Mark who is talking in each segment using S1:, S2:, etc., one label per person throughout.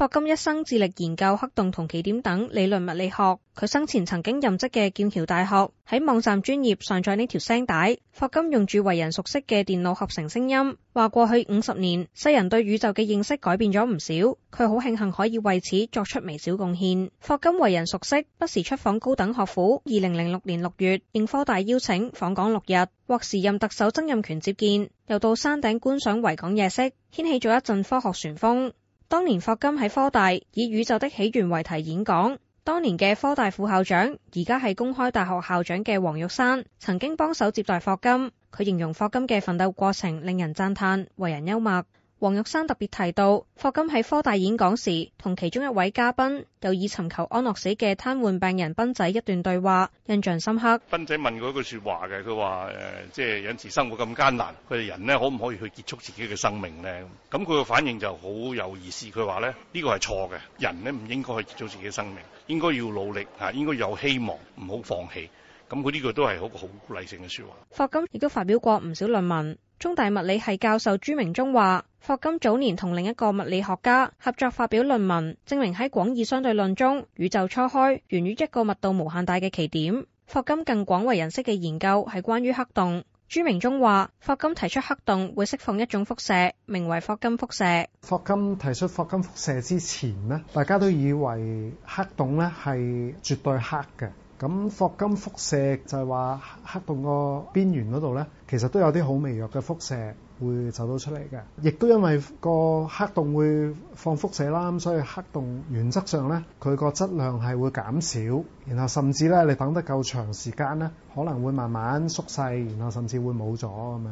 S1: 霍金一生致力研究黑洞同奇點等理論物理學。佢生前曾經任職嘅劍橋大學喺網站專頁上載呢條聲帶。霍金用住為人熟悉嘅電腦合成聲音，話過去五十年，世人對宇宙嘅認識改變咗唔少。佢好慶幸可以為此作出微小貢獻。霍金為人熟悉，不時出訪高等學府。二零零六年六月，應科大邀請訪港六日，獲時任特首曾蔭權接見，又到山頂觀賞維港夜色，掀起咗一陣科學旋風。當年霍金喺科大以宇宙的起源為題演講。當年嘅科大副校長，而家係公開大學校長嘅黃玉山，曾經幫手接待霍金。佢形容霍金嘅奮鬥過程令人讚嘆，為人幽默。黃玉山特別提到，霍金喺科大演講時，同其中一位嘉賓有以尋求安樂死嘅癱瘓病人斌仔一段對話，印象深刻。
S2: 斌仔問過一句說話嘅，佢話誒，即、呃、係、就是，有時生活咁艱難，佢哋人呢可唔可以去結束自己嘅生命呢？」咁佢嘅反應就好有意思，佢話咧呢個係錯嘅，人呢唔應該去結束自己嘅生命，應該要努力吓，應該有希望，唔好放棄。咁佢呢句都係一個好理性嘅說話。
S1: 霍金亦都發表過唔少論文。中大物理系教授朱明中話：霍金早年同另一個物理學家合作發表論文，證明喺廣義相對論中，宇宙初開源於一個密度無限大嘅奇點。霍金更廣為人識嘅研究係關於黑洞。朱明中話：霍金提出黑洞會釋放一種輻射，名為霍金輻射。
S2: 霍金提出霍金輻射之前咧，大家都以為黑洞咧係絕對黑嘅。咁霍金輻射就係話黑洞個邊緣嗰度呢，其實都有啲好微弱嘅輻射會走到出嚟嘅。亦都因為個黑洞會放輻射啦，咁所以黑洞原則上呢，佢個質量係會減少，然後甚至呢，你等得夠長時間呢，可能會慢慢縮細，然後甚至會冇咗咁樣。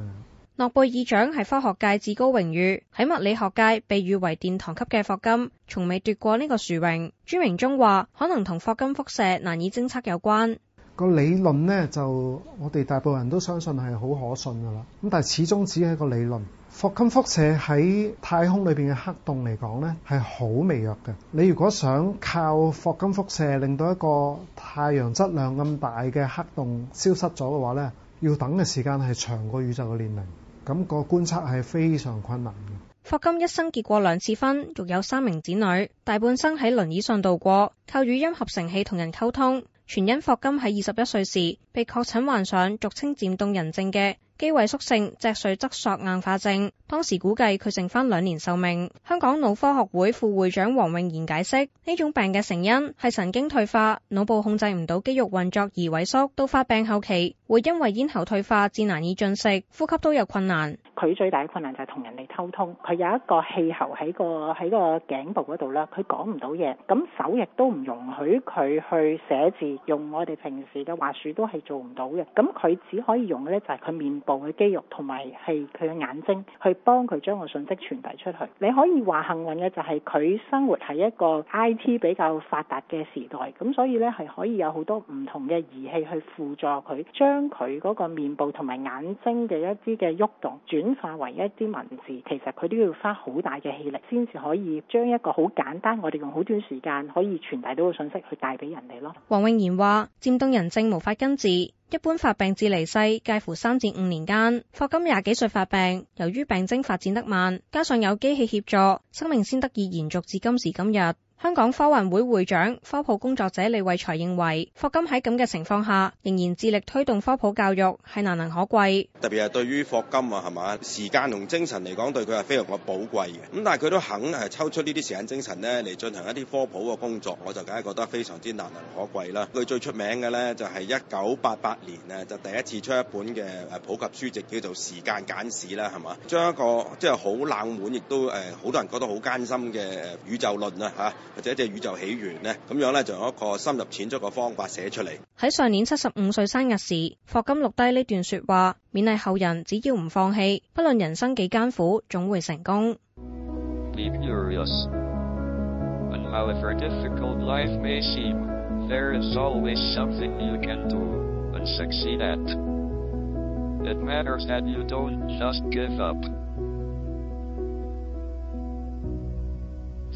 S1: 諾貝爾獎係科學界至高榮譽，喺物理學界被譽為殿堂級嘅霍金，從未奪過呢個殊榮。朱明忠話，可能同霍金輻射難以偵測有
S2: 關。個理論呢，就我哋大部分人都相信係好可信噶啦，咁但係始終只係一個理論。霍金輻射喺太空裏邊嘅黑洞嚟講呢，係好微弱嘅，你如果想靠霍金輻射令到一個太陽質量咁大嘅黑洞消失咗嘅話呢，要等嘅時間係長過宇宙嘅年齡。咁個觀察係非常困難嘅。
S1: 霍金一生結過兩次婚，育有三名子女，大半生喺輪椅上度過，靠語音合成器同人溝通。全因霍金喺二十一歲時，被確診患上俗稱漸凍人症嘅肌萎縮性脊髓側索硬化症，當時估計佢剩翻兩年壽命。香港腦科學會副會長黃詠然解釋，呢種病嘅成因係神經退化，腦部控制唔到肌肉運作而萎縮，到發病後期會因為咽喉退化至難以進食，呼吸都有困難。
S3: 佢最大嘅困難就係同人哋溝通，佢有一個氣喉喺個喺個頸部嗰度啦，佢講唔到嘢，咁手亦都唔容許佢去寫字，用我哋平時嘅話術都係。做唔到嘅，咁佢只可以用嘅咧就係佢面部嘅肌肉同埋係佢嘅眼睛去幫佢將個信息傳遞出去。你可以話幸運嘅就係佢生活喺一個 I.T. 比較發達嘅時代，咁所以咧係可以有好多唔同嘅儀器去輔助佢將佢嗰個面部同埋眼睛嘅一啲嘅喐動轉化為一啲文字。其實佢都要花好大嘅氣力，先至可以將一個好簡單我哋用好短時間可以傳遞到個信息去帶俾人哋咯。
S1: 黃詠然話漸凍人症無法根治。一般發病至離世介乎三至五年間，霍金廿幾歲發病，由於病徵發展得慢，加上有機器協助，生命先得以延續至今時今日。香港科幻會會長、科普工作者李慧才認為霍金喺咁嘅情況下，仍然致力推動科普教育係難能可貴。
S3: 特別係對於霍金啊，係嘛時間同精神嚟講，對佢係非常嘅寶貴嘅。咁但係佢都肯係抽出呢啲時間精神咧，嚟進行一啲科普嘅工作，我就梗係覺得非常之難能可貴啦。佢最出名嘅咧就係一九八八年呢，就第一次出一本嘅誒普及書籍叫做《時間簡史》啦，係嘛，將一個即係好冷門亦都誒好多人覺得好艱辛嘅宇宙論啊吓。或者一隻宇宙起源咧，咁樣咧就有一個深入淺出嘅方法寫出嚟。
S1: 喺上年七十五歲生日時，霍金錄低呢段説話，勉勵後人只要唔放棄，不論人生幾艱苦，總會成功。